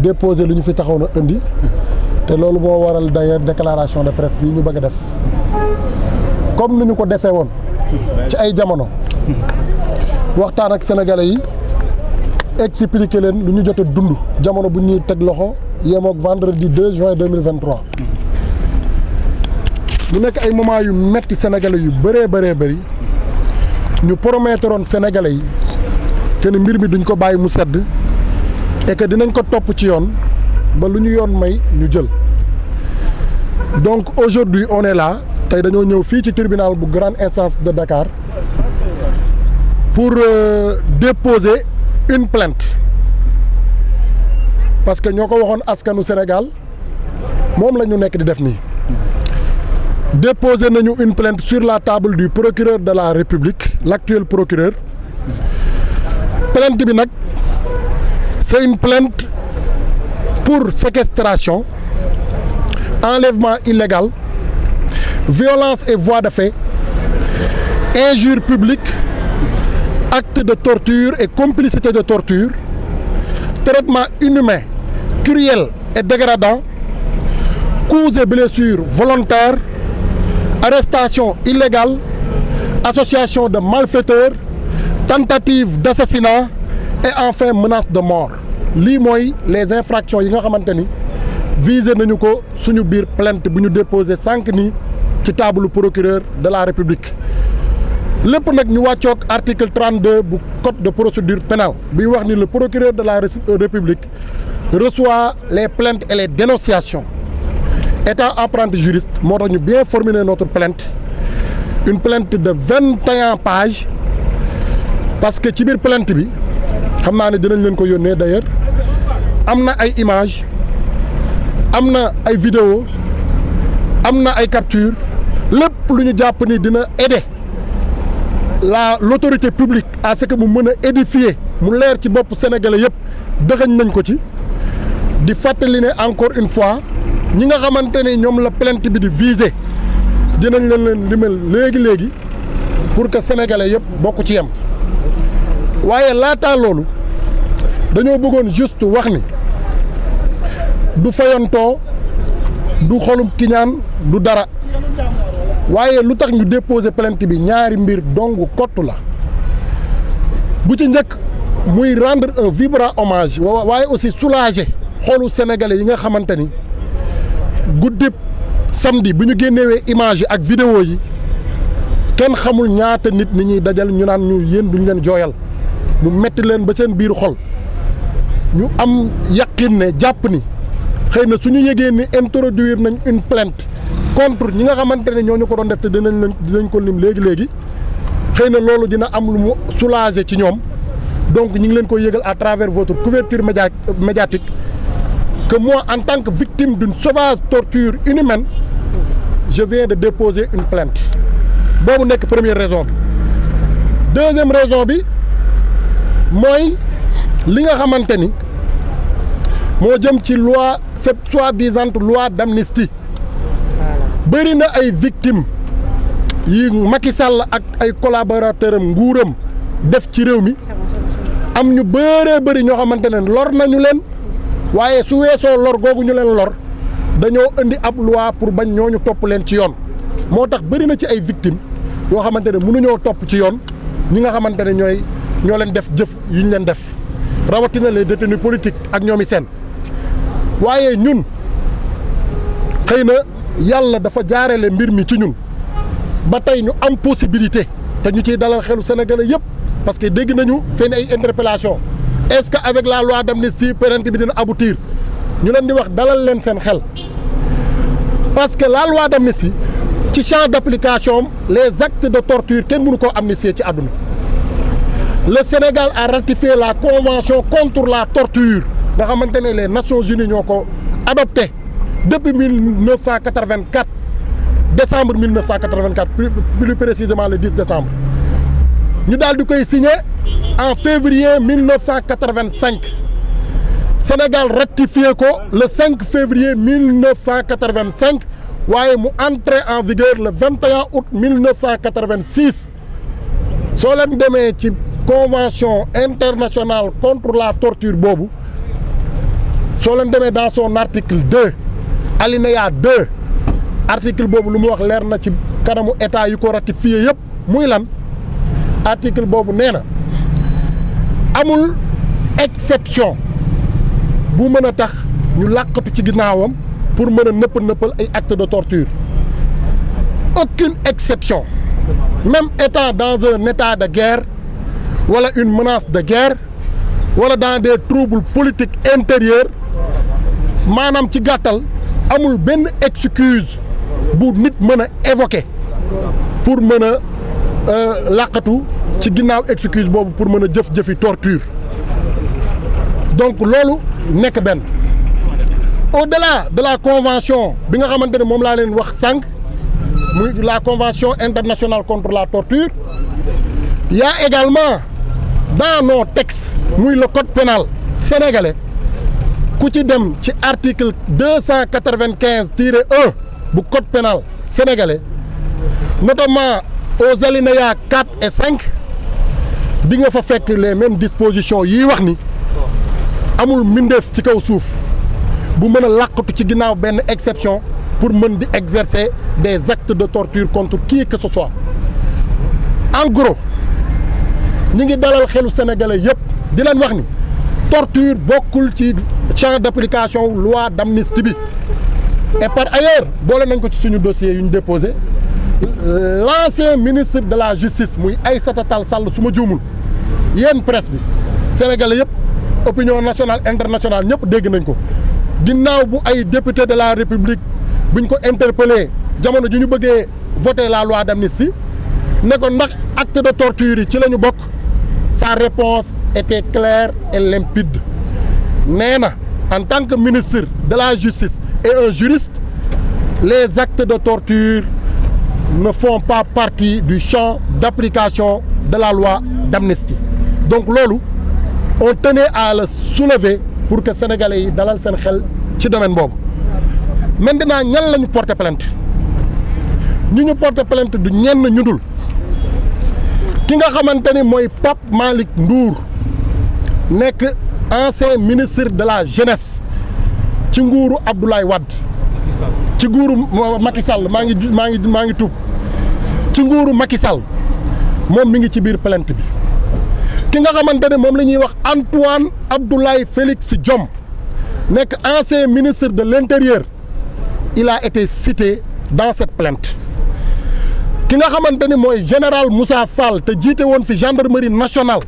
déposé lu ñu fi taxaw na indi te loolu moo waral d'ailleurs déclaration de presse bii ñu bëgg a def comme ni ñu ko defee woon ci ay jamono waxtaan ak sénégalais yi expliquer leen lu ñu jot a dund jamono bu ñuy teg loxo yem ak vendredi 2 juin 2023 mu nekk ay moment yu metti sénégalais yu bëree bëree bëri ñu promettre woon sénégalais yi que mbir mi duñ ko bàyyi mu sedd. et que nous ko top ci yoon ba luñu may donc aujourd'hui on est là nous sommes ñëw fi ci tribunal bu grande instance de Dakar pour euh, déposer une plainte parce que nous ko waxoon askanu Sénégal nous lañu nekk di def déposer une plainte sur la table du procureur de la République l'actuel procureur plainte bi c'est une plainte pour séquestration, enlèvement illégal, violence et voie de fait, injure publique, actes de torture et complicité de torture, traitement inhumain, cruel et dégradant, coups et blessures volontaires, arrestation illégale, association de malfaiteurs, tentative d'assassinat et enfin menace de mort les infractions yi nga maintenues. visé nañu ko suñu bir plainte bu déposer sank ni ci le procureur de la république Le premier ñu waccok article 32 bu code de procédure pénale le procureur de la euh, république reçoit les plaintes et les dénonciations étant apprenti juriste nous avons bien formulé notre plainte une plainte de 21 pages parce que ci bir plainte bi sais que dinañ leen ko d'ailleurs amna ay image amna ay vidéo amna ay capture lepp luñu japp ni dina aider la l'autorité publique à ce que mu meuna édifier mu leer ci bop sénégalais yépp dëxañ nañ ko ci di fatali né encore une fois ñi nga xamante ne la plainte bi di viser dinañ leen leen limel légui légui pour que sénégalais yépp bokku ci yem waaye laataa loolu. dañoo bëggoon juste wax ni du fayantoo du xolum kiñaan du dara waaye lu tax ñu déposé plainte bi ñaari mbir dong kott la bu ci njëkk muy rendre un vibrant hommage waaye aussi soulager xolu sénégalais yi nga xamante ni guddib samedi bi ñu génnewee image yi ak vidéo yi kenn xamul ñaata nit ni ñuy dajal ñu naan ñu yéen duñ leen jooyal mu metti leen ba seen biiru xol Nous am yaqin ne jàpp ni xeyna suñu yégué ni introduire nañ une plainte contre ñi nga xamante ñoo ñu ko doon def te dinañ leen dinañ ko lim légui légui xeyna lolu dina am lu soulager ci donc nous ngi leen koy à travers votre couverture médiatique que moi en tant que victime d'une sauvage torture inhumaine je viens de déposer une plainte C'est nek première raison deuxième raison bi moy li nga xamanteni mo jëm ci loi cette loi disant loi d'amnistie bari na ay victimes yi Macky Sall ak ay collaborateurs nguuram def ci rew mi am ñu bëri ño lor nañu len waye su lor gogu ñu len lor dañoo indi ab loi pour bañ ñoñu top len ci yoon motax bari na ci ay victimes yo xamante mënu ñoo top ci yoon ñi nga ñoy ñoo len def jëf yi ñu def. rawatina les détenus politiques ak ñoom i seen waaye ñun xeyna yalla dafa jaarale mbir mi ci ñun ba tay ñu am possibilité té ñu ci dalal xelu sénégalais parce que dégg nañu seen ay interpellation est-ce que avec la loi d'amnistie plainte bi dina aboutir ñu leen di wax dalal leen seen xel parce que la loi d'amnistie ci champ d'application les actes de torture kenn mënu ko amnistier ci aduna le Sénégal a ratifié la convention contre la torture nga a les Nations Unies ont adopté depuis 1984 décembre 1984 plus précisément le 10 décembre nous avons signé en février 1985 Sénégal ratifié le 5 février 1985 il est entré en vigueur le 21 août 1986 convention internationale contre la torture Bobu, dans son article 2 alinéa 2 article Bobu lu wax leer na ci kanamu état yu ko muy lan article Bobu nee amul exception bu meuna tax ñu ci pour mener a acte ay acte de torture aucune exception même étant dans un état de guerre wala une menace de guerre wala dans des troubles politiques intérieurs Manam ci amul ben excuse pour nit évoquer pour mener euh, lakatu làqatu ci excuse pour mën jëf torture donc lolu nek ben. au-delà de la convention bi nga xamantene mom la len la convention internationale contre la torture il y a également dans nos textes, nous le code pénal sénégalais, dem ci article 295-1 du code pénal sénégalais, notamment aux alinéas 4 et 5, il faut faire les mêmes dispositions. Il amul a des mindef qui sont souffrent. Il faut faire des exception pour exercer des actes de torture contre qui que ce soit. En gros, ñi ngi dalal xelu sénégalais yépp di leen wax ni torture bokkul ci champ d'application loi d'amnistie et par ailleurs boole nañ ko ci suñu dossier yu déposé l'ancien ministre de la justice muy Aïssata Tall Sall su ma juumul presse bi sénégalais yépp opinion nationale internationale ñëpp dégg nañ ko ginnaaw bu ay député de la république buñ ko interpellé jamono ju ñu bëggee voter la loi d'amnistie ne ko ndax acte de torture yi ci la bokk réponse était claire et limpide Mais en tant que ministre de la justice et un juriste les actes de torture ne font pas partie du champ d'application de la loi d'amnistie donc lolo, on tenait à le soulever pour que sénégalais dans dalal Sénégal, xel ci domaine maintenant nous avons plainte Nous ñu porter plainte de ñenn ñu ki nga xamantene moy Pape Malik Ndour ancien ministre de la jeunesse ci Abdoulaye Wad, ci Makissal, Macky Sall mangi ngi maa ngi ci Macky Sall plainte bi ki nga xamantene mom Antoine Abdoulaye Félix Diom nek ancien ministre de l'intérieur il a été cité dans cette plainte ki nga xamanteni moy mooy général Moussa Fall te jité won fi gendarmerie nationale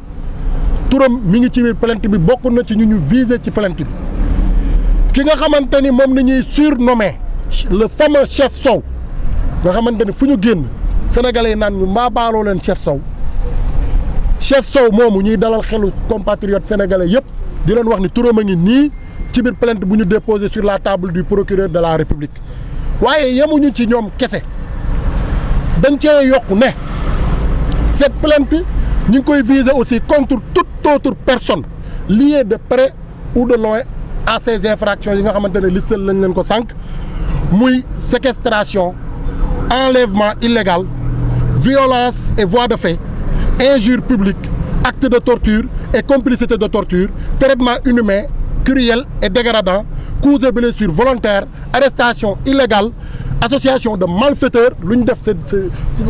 touram mi ngi ci bir plainte bi bokk na ci ñu ñu visé ci plainte bi ki nga xamante ni ñuy surnommé le fameux chef Sow nga xamanteni ni fu ñu génn sénégalais nan ñu mbaa baaloo leen chef Sow chef Sow moomu ñuy dalal xelu compatriotes sénégalais yépp di leen wax ni touram ngi ni ci bir plainte bu ñu déposer sur la table du procureur de la république waaye ñu ci ñom kese cette plainte nous aussi contre toute autre personne liée de près ou de loin à ces infractions yi nga de séquestration enlèvement illégal violence et voie de fait injure publique acte de torture et complicité de torture traitement inhumain cruel et dégradant coups de blessures volontaires arrestation illégale association de malfaiteurs l'une des def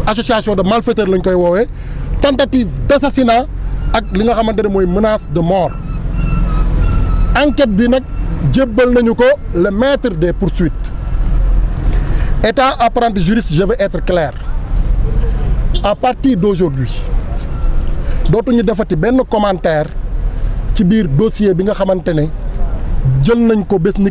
association de malfaiteurs lañ koy tentative d'assassinat ak li nga ne menace de mort enquête bi le maître des poursuites état apprenti juriste je veux être clair à partir d'aujourd'hui d'autres defati benn commentaire ci biir dossier bi nga xamante nous avons nañ ko bés ni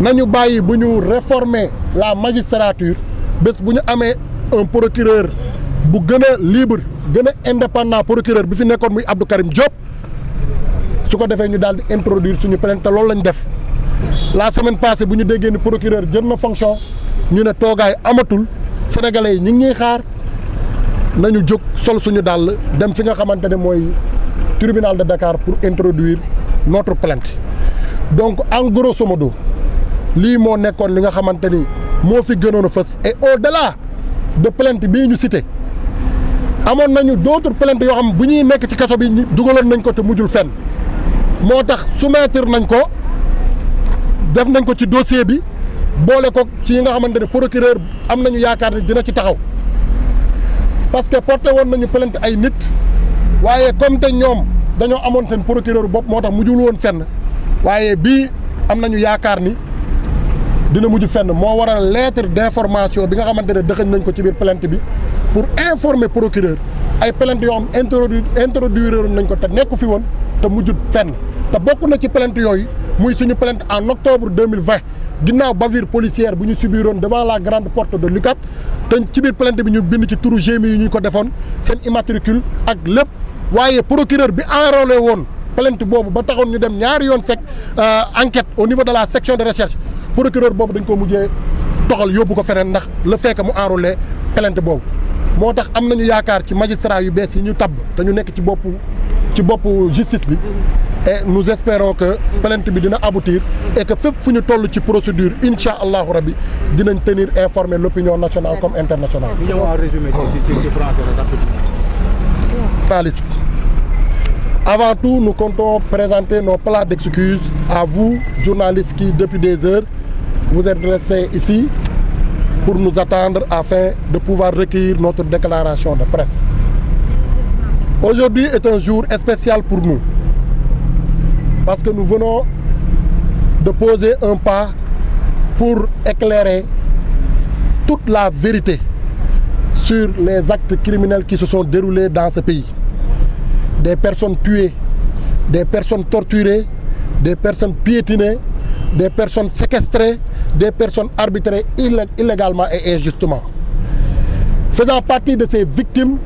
nañu bàyyi bu réformer la magistrature bés bu ñu un procureur bu gën libre gën indépendant procureur bi fi nekkoon muy Abdou Karim Diop su ko defee ñu daal introduire suñu plainte te lañ def la semaine passée nous avons déggee ni procureur de na fonction ñu ne toogaay amatul sénégalais yi ñu Nous ñuy xaar nañu jóg sol suñu dal dem fi nga tribunal de Dakar pour introduire notre plainte donc en grosso modo li mo nekkoon li nga xamanteni mo fi gënonu a et au delà de plainte bi ñu cité amon nañu d'autres plaintes yo xam bu ñi nekk ci kasso bi dugulon nañ ko te mujjul fenn motax su maître nañ ko def nañ ko ci dossier bi bolé ko ci nga xamanteni procureur am nañu yaakaar ni dina ci taxaw parce que porté won nañu plainte ay nit waaye comme te ñom dañu amoon sen procureur bop motax mujjul fenn waaye bi am nañu yaakaar ni. dina muju fenn mo waral lettre d'information bi nga xamantene dexeñ nañ ko ci bir plainte bi pour informer procureur ay plainte yoo xam introduire introduire nañ ko te nekku fi woon te muju fenn te bokku na ci plainte yooyu muy suñu plainte en octobre 2020 ginnaw bavure policière bu ñu subiroon devant la grande porte de Lucat te ci bir plainte bi ñu bind ci turu gemi ñu ko defoon fen immatricule ak lepp waye procureur bi enrôlé won plainte bobu ba taxone ñu dem ñaar yoon fekk euh, enquête au niveau de la section de recherche procureur boobu dañ ko mujjé toxal yóbbu ko feneen ndax le fait que mu enrôlé plainte boobu motax am nañu yaakaar ci magistrat yu bees yi ñu tab te ñu nekk ci bop ci bop justice bi et nous espérons que plainte bi dina aboutir et que fépp fuñu tollu ci procédure inshallah rabbi dinañ tenir informé l'opinion nationale comme internationale. ñëw en résumé ci ci français avant tout nous comptons présenter nos plats d'excuses à vous journalistes qui depuis des heures vous êtes restés ici pour nous attendre afin de pouvoir recueillir notre déclaration de presse. Aujourd'hui est un jour spécial pour nous parce que nous venons de poser un pas pour éclairer toute la vérité sur les actes criminels qui se sont déroulés dans ce pays. Des personnes tuées, des personnes torturées, des personnes piétinées, des personnes séquestrées, des personnes arbitrées illégalement et injustement. Faisant partie de ces victimes,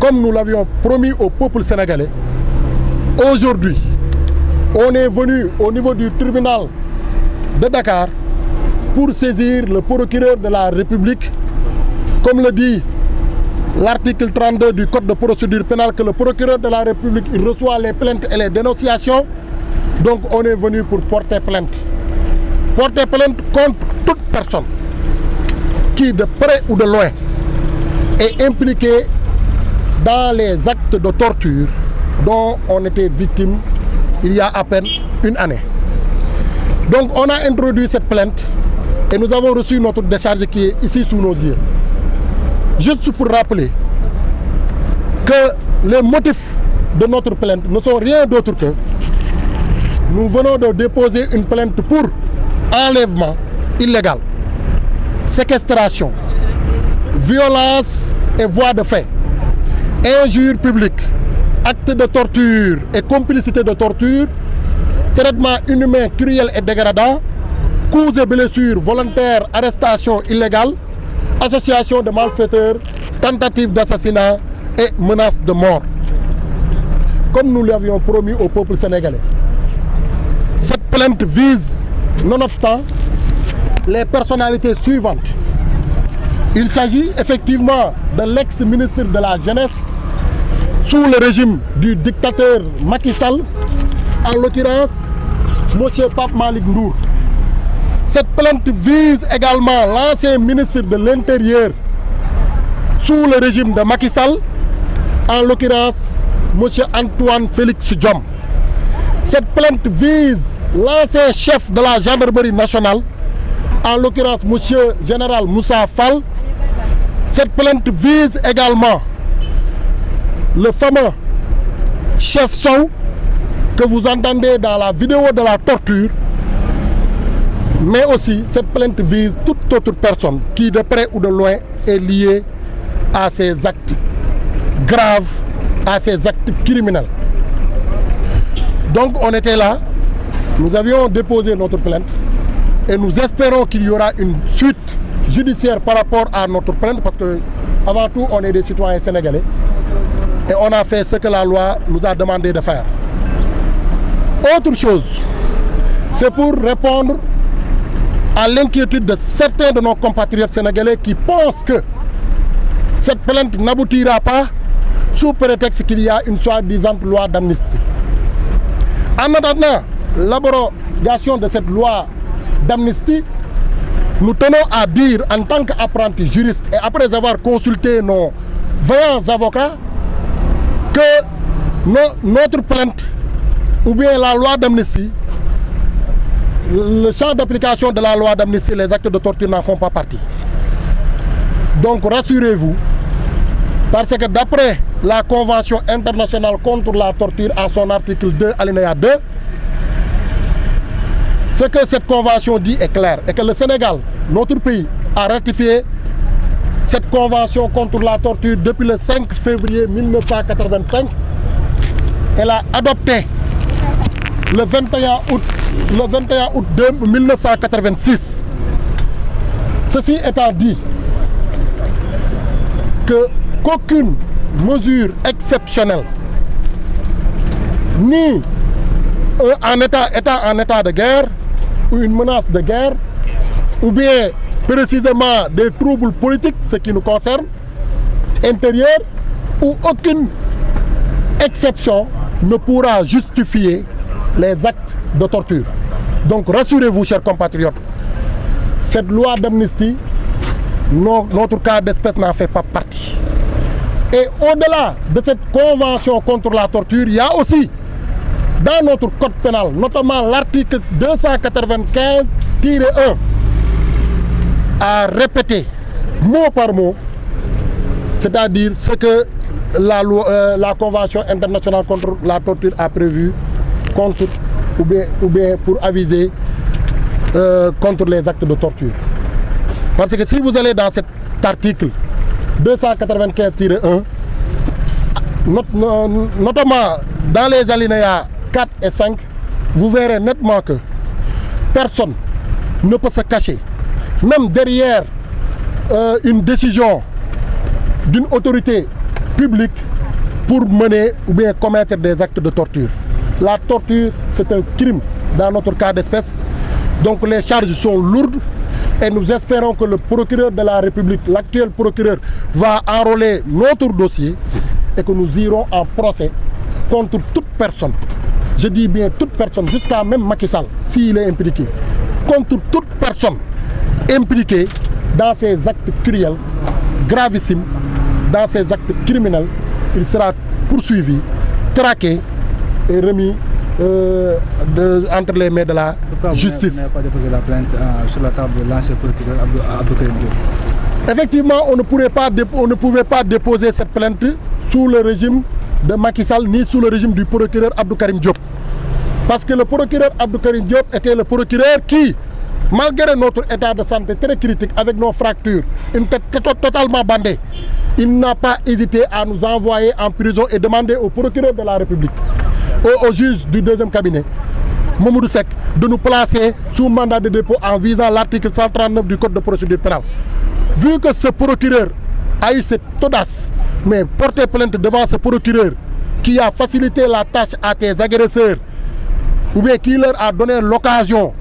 comme nous l'avions promis au peuple sénégalais, aujourd'hui, on est venu au niveau du tribunal de Dakar pour saisir le procureur de la République, comme le dit l'article 32 du Code de procédure pénale, que le procureur de la République reçoit les plaintes et les dénonciations. Donc on est venu pour porter plainte porter plainte contre toute personne qui, de près ou de loin, est impliquée dans les actes de torture dont on était victime il y a à peine une année. Donc on a introduit cette plainte et nous avons reçu notre décharge qui est ici sous nos yeux. Juste pour rappeler que les motifs de notre plainte ne sont rien d'autre que nous venons de déposer une plainte pour enlèvement illégal, séquestration, violence et voie de fait, injures publiques, actes de torture et complicité de torture, traitement inhumain, cruel et dégradant, coups et blessures volontaires, arrestation illégale, association de malfaiteurs, tentative d'assassinat et menace de mort. Comme nous l'avions promis au peuple sénégalais, cette plainte vise Nonobstant, les personnalités suivantes. Il s'agit effectivement de l'ex-ministre de la Jeunesse sous le régime du dictateur Macky Sall, en l'occurrence M. Pape Malik Ndour. Cette plainte vise également l'ancien ministre de l'Intérieur sous le régime de Macky Sall, en l'occurrence M. Antoine Félix Diom. Cette plainte vise l'ancien chef de la gendarmerie nationale, en l'occurrence M. Général Moussa Fall. Cette plainte vise également le fameux chef Sow que vous entendez dans la vidéo de la torture. Mais aussi, cette plainte vise toute autre personne qui, de près ou de loin, est liée à ces actes graves, à ces actes criminels. Donc on était là nous avions déposé notre plainte et nous espérons qu'il y aura une suite judiciaire par rapport à notre plainte parce que avant tout on est des citoyens sénégalais et on a fait ce que la loi nous a demandé de faire. Autre chose, c'est pour répondre à l'inquiétude de certains de nos compatriotes sénégalais qui pensent que cette plainte n'aboutira pas sous prétexte qu'il y a une soi-disant loi d'amnistie. En attendant, l'abrogation de cette loi d'amnistie, nous tenons à dire en tant qu'apprenti juriste et après avoir consulté nos 20 avocats que notre plainte ou bien la loi d'amnistie, le champ d'application de la loi d'amnistie, les actes de torture n'en font pas partie. Donc rassurez-vous, parce que d'après la Convention internationale contre la torture à son article 2, alinéa 2, ce que cette convention dit est clair et que le Sénégal, notre pays, a ratifié cette convention contre la torture depuis le 5 février 1985. Elle a adopté le 21 août, le 21 août 1986. Ceci étant dit, que qu'aucune mesure exceptionnelle, ni en état, état en état de guerre, ou une menace de guerre, ou bien précisément des troubles politiques, ce qui nous concerne, intérieurs, où aucune exception ne pourra justifier les actes de torture. Donc rassurez-vous, chers compatriotes, cette loi d'amnistie, notre cas d'espèce n'en fait pas partie. Et au-delà de cette convention contre la torture, il y a aussi dans notre code pénal, notamment l'article 295-1, à répéter mot par mot, c'est-à-dire ce que euh, la, Convention internationale contre la torture a prévu contre, ou, bien, ou bien pour aviser euh, contre les actes de torture. Parce que si vous allez dans cet article 295-1, euh, notamment dans les alinéas 5, vous verrez nettement que personne ne peut se cacher. Même derrière euh, une décision d'une autorité publique pour mener ou bien commettre des actes de torture. La torture, c'est un crime dans notre cas d'espèce. Donc les charges sont lourdes et nous espérons que le procureur de la République, l'actuel procureur, va enrôler notre dossier et que nous irons en procès contre toute personne je dis bien toute personne, jusqu'à même Macky Sall, s'il est impliqué, contre toute personne impliquée dans ces actes cruels, gravissimes, dans ces actes criminels, il sera poursuivi, traqué et remis euh, entre les mains de la justice. Vous pas déposé la plainte euh, sur la table Effectivement, on ne, pourrait pas, on ne pouvait pas déposer cette plainte sous le régime de Macky Sall ni sous le régime du procureur Abdou Karim Diop. Parce que le procureur Abdou Karim Diop était le procureur qui, malgré notre état de santé très critique avec nos fractures, une tête totalement bandée, il n'a pas hésité à nous envoyer en prison et demander au procureur de la République, au, au juge du deuxième cabinet, Mamoudou Sek, de nous placer sous mandat de dépôt en visant l'article 139 du Code de procédure pénale. Vu que ce procureur a eu cette audace mais porter plainte devant ce procureur qui a facilité la tâche à tes agresseurs ou bien qui leur a donné l'occasion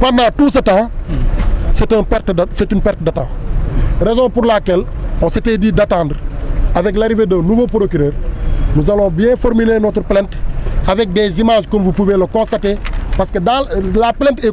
pendant tout ce temps, c'est une perte de temps. Raison pour laquelle on s'était dit d'attendre. Avec l'arrivée de nouveau procureur, nous allons bien formuler notre plainte avec des images comme vous pouvez le constater parce que dans la plainte est